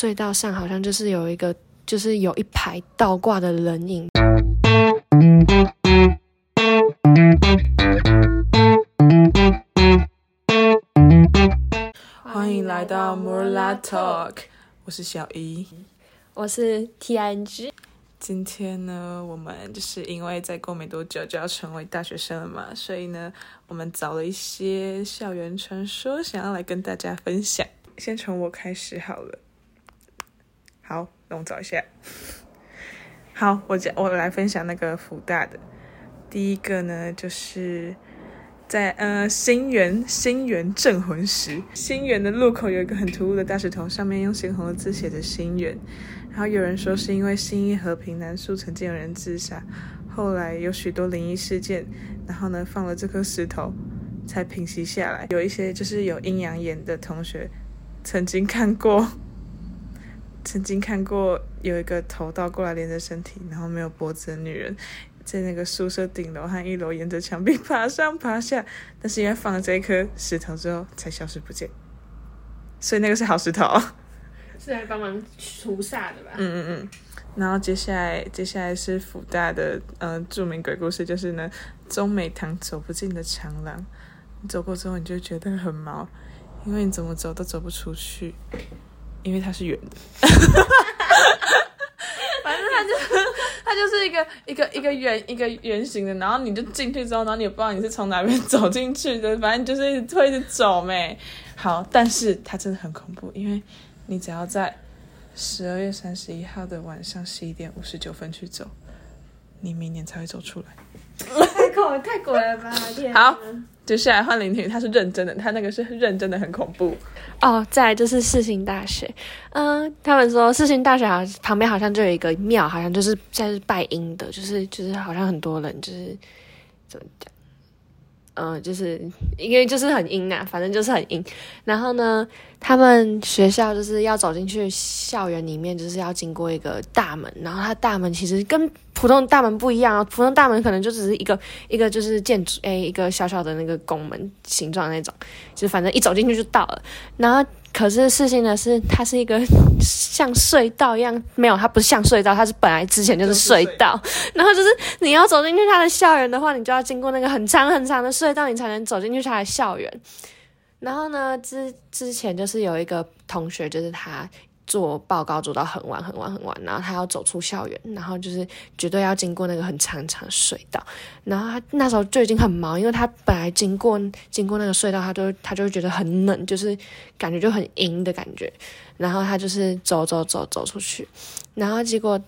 隧道上好像就是有一個，就是有一排倒掛的人影。歡迎來到 Murlat Talk，我是小一，我是 TNG。今天呢，我們就是因為再過沒多久就要成為大學生了嘛，所以呢，我們找了一些校園傳說，想要來跟大家分享。先從我開始好了。好，那我找一下。好，我講，我來分享那個福大的。第一個呢，就是在呃星源、星源鎮魂石，星源的路口有一個很突兀的大石頭，上面用鮮紅的字寫着星源。然後有人說是因為星一和平南樹曾經有人自殺，後來有許多靈異事件，然後呢放了這顆石頭才平息下來。有一些就是有陰陽眼的同學曾經看過。曾經看過有一個頭倒過來連着身體，然後沒有脖子的女人，在那個宿舍頂樓和一樓沿着牆壁爬上爬下，但是因為放了這一顆石頭之後才消失不見，所以那個是好石頭，是來幫忙除煞的吧？嗯嗯嗯。然後接下來接下來是輔大的呃著名鬼故事，就是呢中美堂走不進的長廊，你走過之後你就覺得很毛，因為你怎麼走都走不出去。因為它是圓的， 反正它就是它就是一個一個一個圓一個圓形的，然後你就進去之後，然後你也不知道你是從哪邊走進去的，反正就是一直推着走嘛，好，但是它真的很恐怖，因為你只要在十二月三十一號的晚上十一點五十九分去走，你明年才會走出來。 哦、太鬼了吧！ 好，接下來換林婷，她是認真的，她那個是認真的，很恐怖哦。再來就是世新大學，嗯、呃，他們說世新大學好像旁邊好像就有一個廟，好像就是現在是拜陰的，就是就是好像很多人就是怎麼講，嗯、呃，就是因為就是很陰啊，反正就是很陰。然後呢，他們學校就是要走進去校園裡面，就是要經過一個大門，然後他大門其實跟普通大門不一樣啊，普通大門可能就只是一個一個就是建築，誒、欸，一個小小的那個拱門形狀那種，就反正一走進去就到了。然後，可是事情呢，是，它是一個像隧道一樣，沒有，它不是像隧道，它是本來之前就是隧道。然後就是你要走進去它的校園的話，你就要經過那個很長很長的隧道，你才能走進去它的校園。然後呢，之之前就是有一個同學，就是他。做報告做到很晚很晚很晚，然後他要走出校園，然後就是絕對要經過那個很長長的隧道，然後他那時候就已經很毛，因為他本來經過經過那個隧道他就，他都他就會覺得很冷，就是感覺就很陰的感覺，然後他就是走走走走出去，然後結果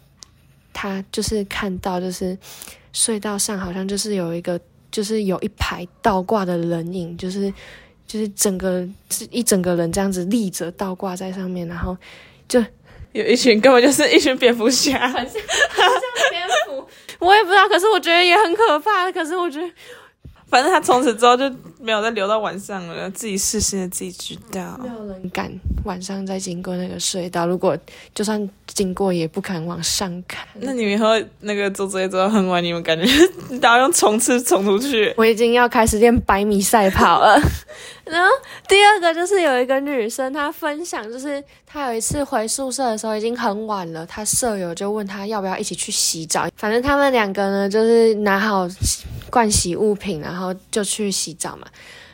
他就是看到就是隧道上好像就是有一個就是有一排倒掛的人影，就是。就是整個、就是一整個人這樣子立着倒掛在上面，然後就有一群根本就是一群蝙蝠俠， 很像很像蝙蝠， 我也不知道，可是我覺得也很可怕，可是我覺得。反正他從此之後就沒有再留到晚上了，自己試試，自己知道。沒有人敢晚上再經過那個隧道，如果就算經過，也不敢往上看，那個。那你們以後那個做作業做到很晚，你們感覺你都要用衝刺衝出去？我已經要開始練百米賽跑了。 然後第二個就是有一個女生，她分享，就是她有一次回宿舍的時候已經很晚了，她舍友就問她要不要一起去洗澡。反正他們兩個呢，就是拿好。灌洗物品，然後就去洗澡嘛。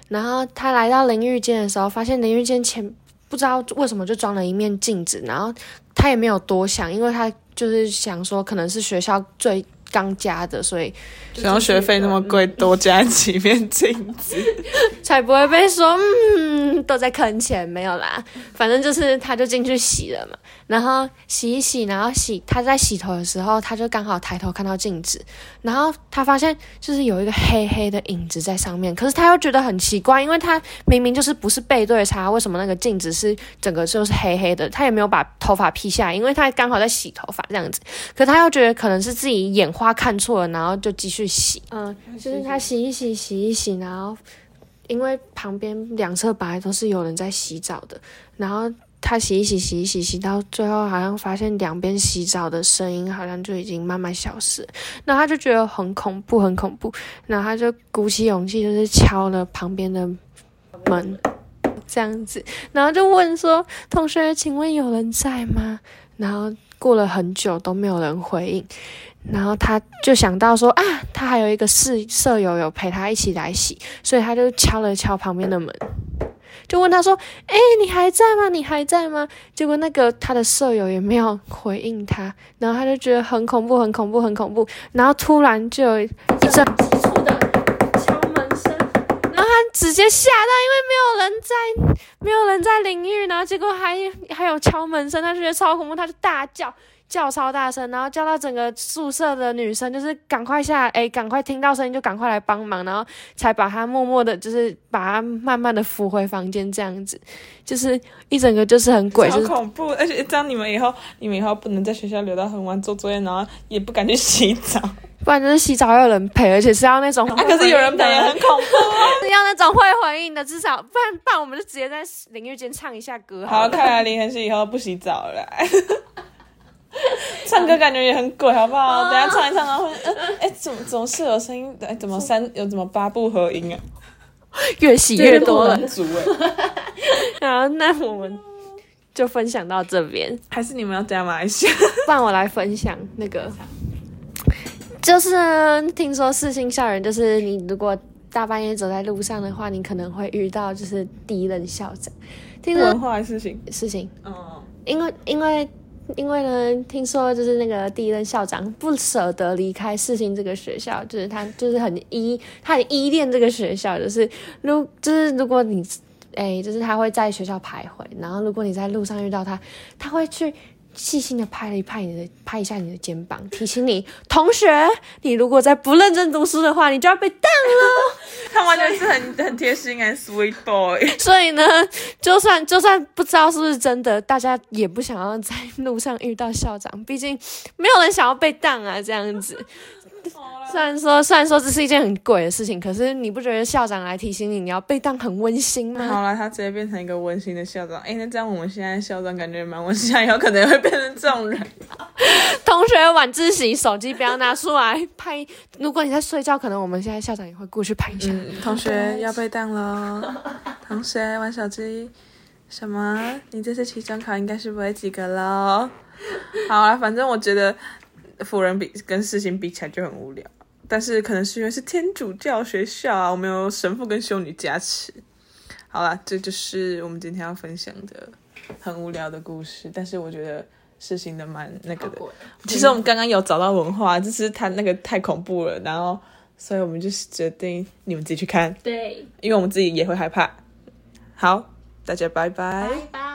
然後他來到淋浴間的時候，發現淋浴間前不知道為什麼就裝了一面鏡子。然後他也沒有多想，因為他就是想說，可能是學校最。剛加的，所以然後學費那麼貴，多加幾面鏡子才不會被說，嗯，都在坑錢，沒有啦。反正就是他就進去洗了嘛，然後洗一洗，然後洗，他在洗頭的時候，他就剛好抬頭看到鏡子，然後他發現就是有一個黑黑的影子在上面，可是他又覺得很奇怪，因為他明明就是不是背對他，為什麼那個鏡子是整個就是黑黑的？他也沒有把頭髮披下來，因為他剛好在洗頭髮這樣子，可他又覺得可能是自己眼花。他看錯了，然後就繼續洗。嗯，就是他洗一洗，洗一洗，然後因為旁邊兩側吧都是有人在洗澡的，然後他洗一洗，洗一洗，洗到最後好像發現兩邊洗澡的聲音好像就已經慢慢消失，然後他就覺得很恐怖，很恐怖，然後他就鼓起勇氣，就是敲了旁邊的門，這樣子，然後就問說：“同學，請問有人在嗎？”然後。過了很久都沒有人回應，然後他就想到說啊，他還有一個室舍友有陪他一起來洗，所以他就敲了敲旁邊的門，就問他說，哎、欸，你還在嗎？你還在嗎？結果那個他的舍友也沒有回應他，然後他就覺得很恐怖，很恐怖，很恐怖，然後突然就有一陣急促，直接嚇到，因為沒有人在，沒有人在淋浴，然後結果還還有敲門聲，他就覺得超恐怖，他就大叫，叫超大聲，然後叫到整個宿舍的女生，就是趕快下來，誒、欸，趕快聽到聲音就趕快來幫忙，然後才把他默默的，就是把他慢慢的扶回房間，這樣子，就是一整個就是很鬼，好、就是、恐怖，而且這樣你們以後，你們以後不能在學校留到很晚做作業，然後也不敢去洗澡。不然就是洗澡要有人陪，而且是要那種的，啊。可是有人陪也很恐怖啊。是 要那種會回應的，至少。不然，不然我們就直接在淋浴間唱一下歌好。好，看來林恆熙以後不洗澡了。來 唱歌感覺也很鬼，好不好？等一下唱一唱然後會。嗯，哎，怎麼總是有聲音欸？怎麼三有怎麼八不合音啊？越洗越多了。 然後那我們就分享到這邊。 還是你們要加馬來西亞？不然我來分享那個。就是聽說四星校園，就是你如果大半夜走在路上的話，你可能會遇到就是第一任校長。聽文化事情，事情，哦。Oh. 因為因為因為呢，聽說就是那個第一任校長不捨得離開四星這個學校，就是他就是很依，他很依戀這個學校，就是如就是如果你哎、欸，就是他會在學校徘徊，然後如果你在路上遇到他，他會去。細心的拍了一拍你的，拍一下你的肩膀，提醒你，同學，你如果再不認真讀書的話，你就要被當了。 他完全是很很貼心，sweet boy。所以呢，就算就算不知道是不是真的，大家也不想要在路上遇到校長，畢竟沒有人想要被當啊，這樣子。 雖然說，雖然說這是一件很鬼的事情，可是你不覺得校長來提醒你，你要被當很溫馨嗎？好了，他直接變成一個溫馨的校長。誒、欸，那這樣我們現在校長感覺蠻溫馨，以後可能也會變成這種人。同學晚自習手機不要拿出來拍，如果你在睡覺，可能我們現在校長也會過去拍一下。嗯、同學要被當嘍！ 同學玩手機，什麼？你這次期中考應該是不會及格嘍。好了，反正我覺得。輔仁比跟世新比起來就很無聊，但是可能是因為是天主教學校啊，我們有神父跟修女加持。好啦，這就是我們今天要分享的很無聊的故事，但是我覺得世新的蠻那個的。的其實我們剛剛有找到文化，就是他那個太恐怖了，然後所以我們就是決定你們自己去看。對，因為我們自己也會害怕。好，大家拜拜。拜拜。